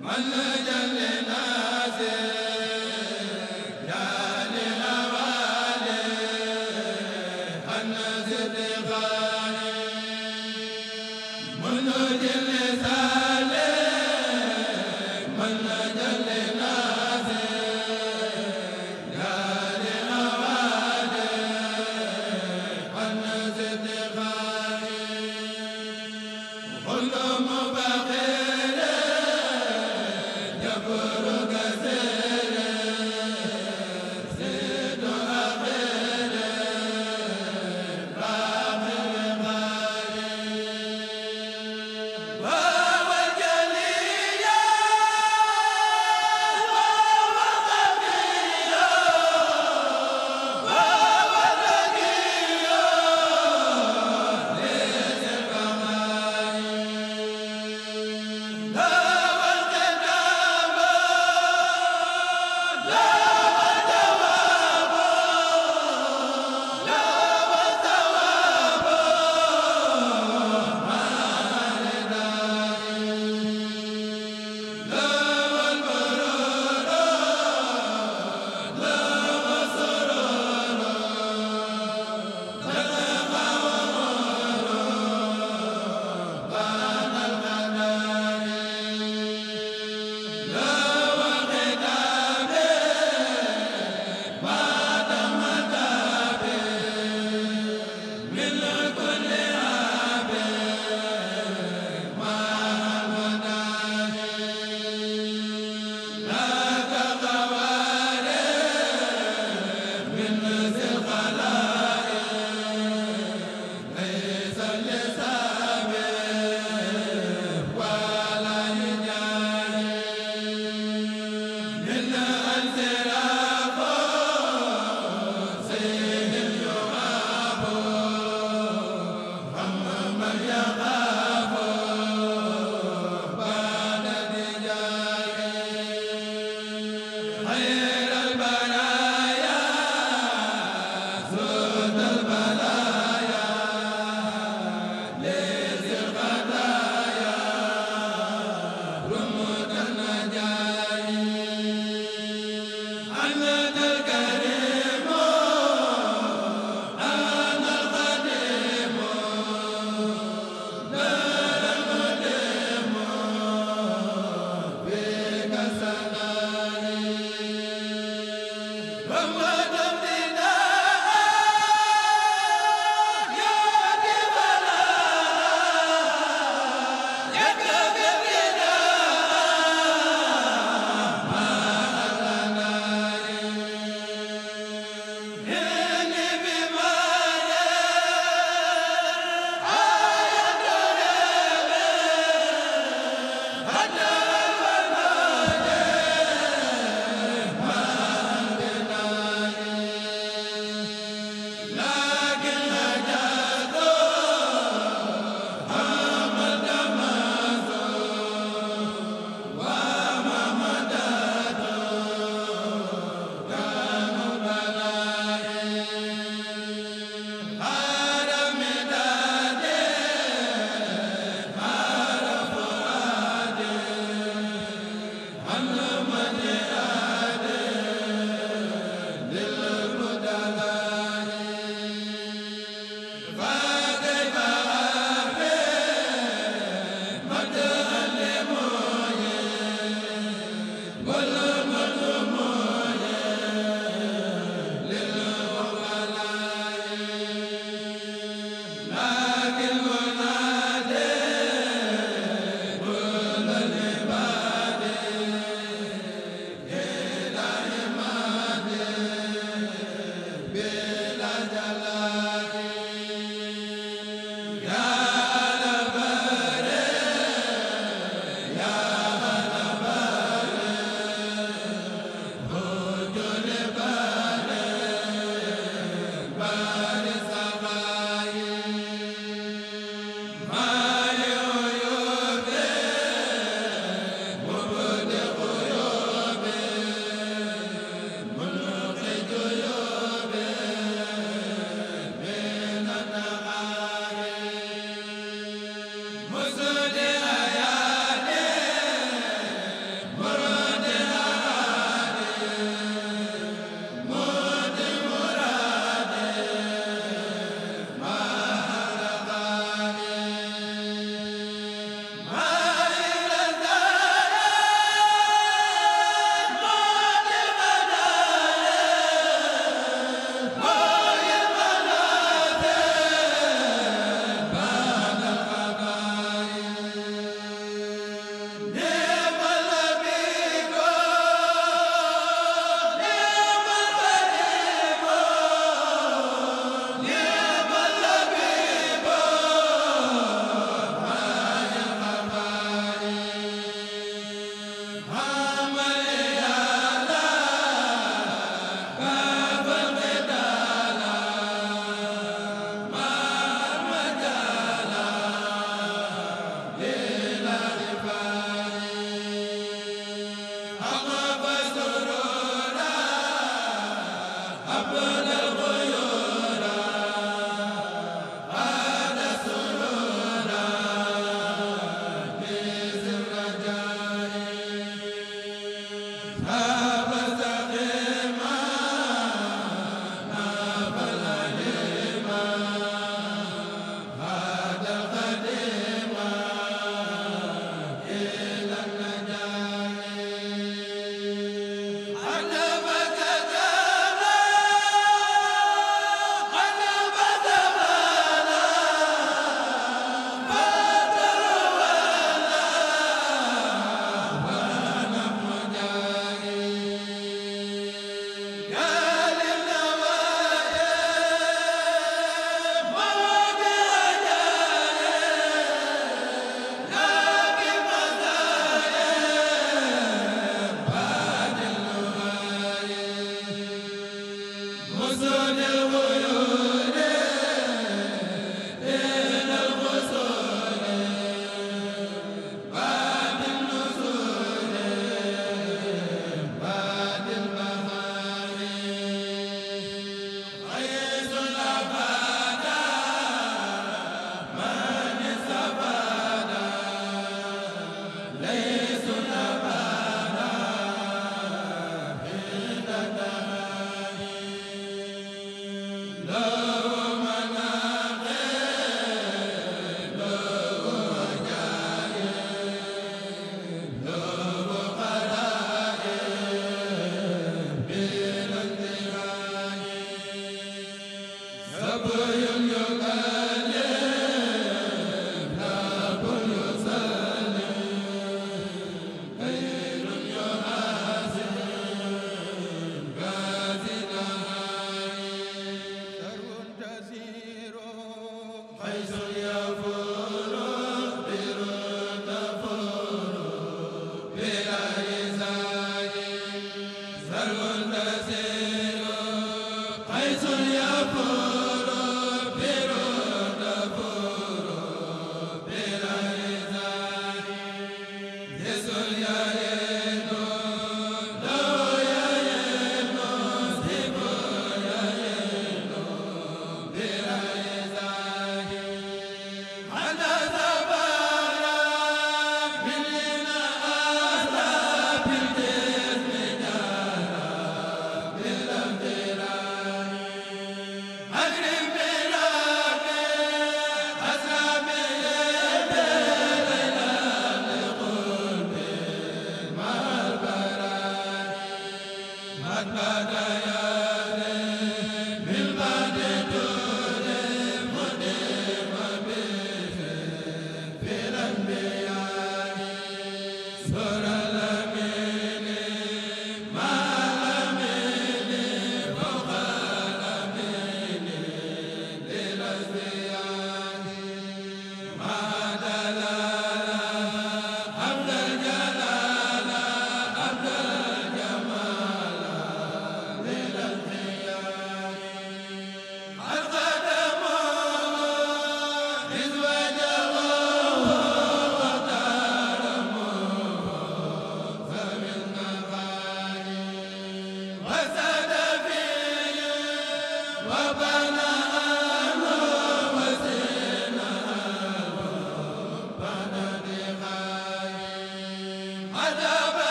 man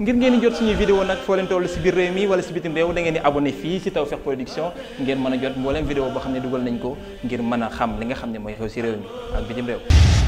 ngir ngeen di jot suñuy vidéo nag foo leen toll si biir réew mi wala si bitim réew da ngeen di abonné fii si Tawfekh Production ngeen mën a jot mbooleem vidéo boo xam ne dugal nañ ko ngir mën a xam li nga xam ne mooy xew si réew mi ak bitim réew